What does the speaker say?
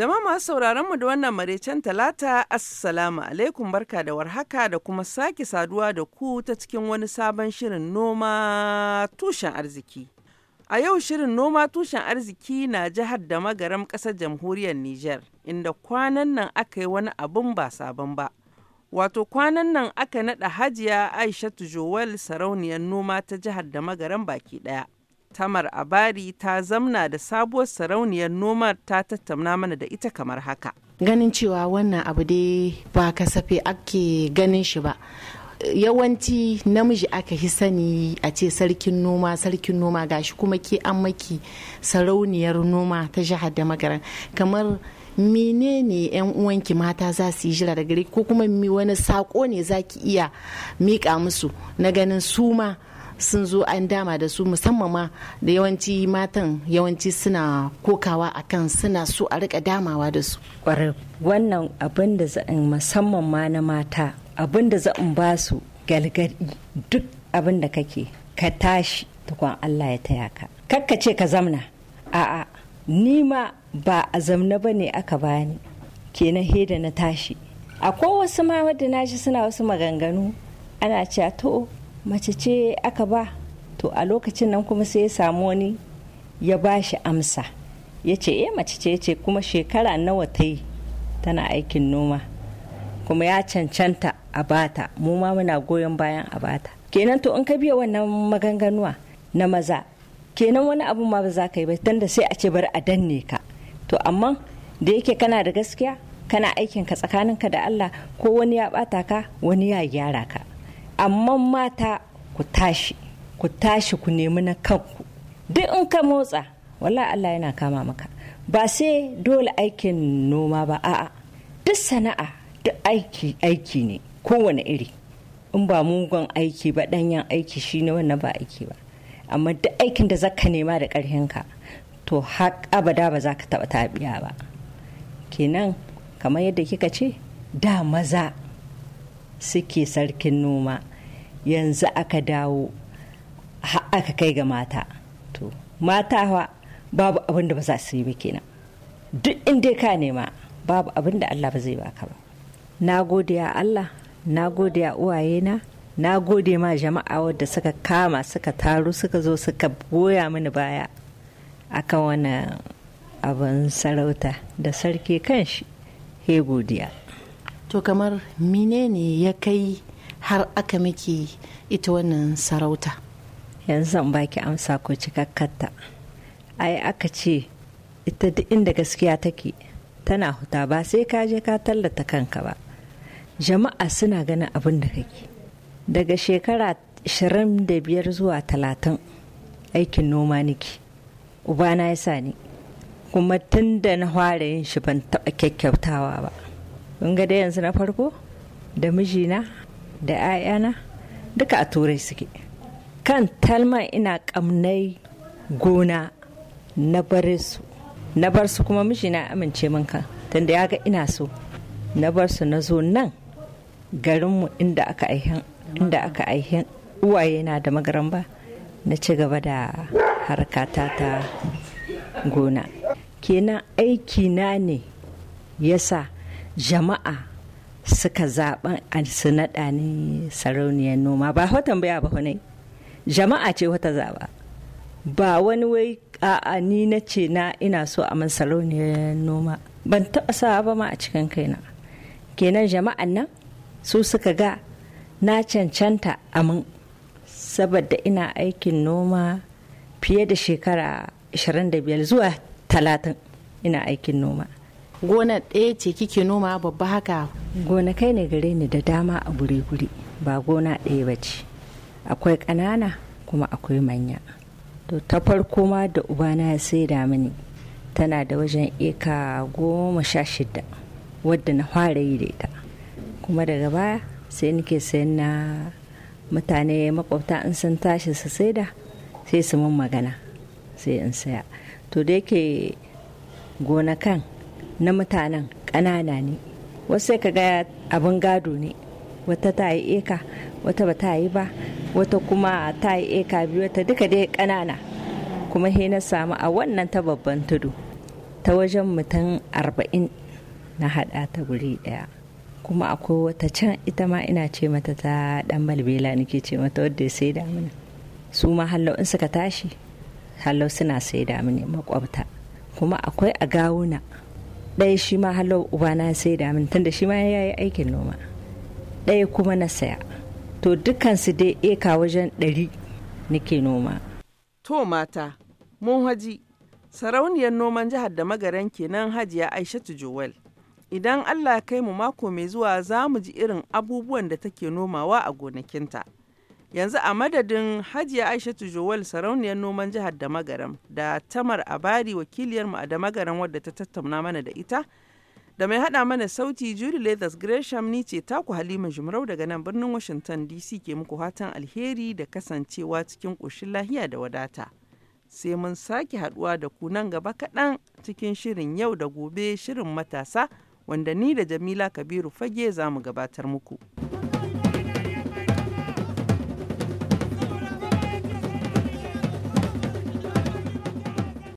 jama masu sauraron mu da wannan maraicen talata assalamu alaikum barka da warhaka da kuma sake saduwa da ku ta cikin wani sabon shirin noma tushen arziki. A yau shirin noma tushen arziki na jihar da magaram ƙasar jamhuriyar niger inda kwanan nan aka yi wani abun ba sabon ba. Wato kwanan nan aka nada hajiya aisha Joel sarauniyar noma ta jihar da magaram baki daya. Tamar Abari ta zamna da sabuwar sarauniyar nomar ta tattauna mana da ita kamar haka. Ganin cewa wannan abu dai ba kasafe ake ganin shi ba. Yawanci namiji aka hi sani a ce sarkin noma sarkin noma gashi kuma ke an maki sarauniyar noma ta jihar da magaran kamar menene yan uwanki mata za su yi jira da gari ko kuma wani sako ne za ki iya miƙa musu na ganin suma. sun zo an dama da su musamman ma da yawanci matan yawanci suna kokawa akan suna so a rika damawa da su wannan abin da musamman ma na mata abin da za ba su galgadi duk abin da kake ka tashi tukun Allah ya taya ka kakka ce ka zamna a'a ni ma ba a zamna ba ne aka bani ke na heda na tashi akwai wasu ma wadda na shi suna wasu maganganu ana cewa to mace ce aka ba to a lokacin nan kuma sai ya samu wani ya ba shi amsa ya ce eh mace ce ce kuma shekara nawa ta yi tana aikin noma kuma ya cancanta a bata mu ma muna goyon bayan a bata kenan to in ka biya wannan maganganuwa na maza kenan wani abu ma ba za ka yi ba tunda sai a ce bar a danne ka to amma da yake kana da gaskiya kana aikin ka tsakaninka da Allah ko wani ya bata ka wani ya gyara ka amma mata ku tashi ku tashi ku nemi na kanku duk in ka motsa wala Allah yana kama maka ba sai dole aikin noma ba a'a duk sana'a duk aiki aiki ne kowane iri in ba mugun aiki ba danyen aiki shine wannan ba aiki ba amma duk aikin da zaka nema da karhinka to har abada ba za ka taɓa tabiya ba kenan kamar yadda kika ce da maza suke sarkin noma yanzu aka dawo aka kai ga mata to mata babu abin da ba za su yi ba kenan duk inda ka nema babu abin da Allah ba zai baka ba na gode ya Allah na gode ya uwayena na gode ma jama'a wadda suka kama suka taru suka zo suka goya mini baya akan wani abin sarauta da sarki kanshi he godiya to kamar menene ya kai har aka miki ita wannan sarauta yanzu zan baki amsa ko cikakkarta ai aka ce ita duk inda gaskiya take tana huta ba sai ka je ka tallata kanka ba jama'a suna ganin abin da kake daga shekara 25 zuwa 30 aikin noma nake ubana ya sa ni kuma tun da na fara yin shi ban taɓa kyakkyautawa ba kun ga da yanzu na farko da mijina da 'ya'yana duka a turai suke kan talma ina kamnai gona na bar su na bar su kuma mishi na amince min kan tunda ya ga ina so na bar su na zo nan garinmu inda aka aihen inda aka aihen uwaye na da magaramba na ci gaba da harkata ta gona kenan aiki na ne yasa jama'a suka zaɓa su naɗa ni sarauniyar noma ba watan baya ba ne jama'a ce wata zaɓa ba wani wai a'a ni na ce na ina so a man sarauniyar noma ban taɓa sa ba ma a cikin kaina kenan jama'an nan su suka ga na cancanta a mun saboda ina aikin noma fiye da shekara 25 zuwa 30 ina aikin noma gona ɗaya ce kike noma babba haka gonakai ne gare ni da dama a guri-guri ba gona ɗaya ba ce akwai ƙanana kuma akwai manya to ta farko ma da ubana ya sai saida mini tana da wajen eka goma sha shida wadda na fara yi da ita kuma daga baya sai nake sayan na mutane makwabta in sun tashi su saida sai su mun magana sai in saya to da yake gonakan na mutanen ƙanana ne wasu ka ga abin gado ne wata ta yi eka wata ba ta yi ba wata kuma ta yi eka biyu wata duka dai kanana kuma he na samu a wannan ta babban tudu ta wajen mutum arba'in na hada ta guri daya. kuma akwai wata can ita ma ina ce mata ta dan malbela nake ce mata wadda ya sai damina su ma hallau in suka tashi hallau suna sai damina makwabta kuma akwai a gawuna ɗaya shi ma halau ubana sai da min tunda shi ma ya yi aikin noma ɗaya kuma na saya to dukkan su dai eka wajen ɗari nake noma to mata mun haji sarauniyar noman jihar da magaran kenan hajiya aishatu joel idan allah kai mu mako mai zuwa za mu ji irin abubuwan da take nomawa a gonakinta yanzu a madadin hajiya aishatu jowal sarauniyar noman jihar da da tamar abari wakiliyarmu a da wadda ta tattauna mana da ita da mai hada mana sauti julie leathers gresham ni ce taku halima jimarau daga nan birnin washington dc ke muku hatan alheri da kasancewa cikin ƙoshin lahiya da wadata sai mun sake haduwa da ku nan gaba kaɗan cikin shirin yau da gobe shirin matasa wanda ni da jamila kabiru fage za mu gabatar muku.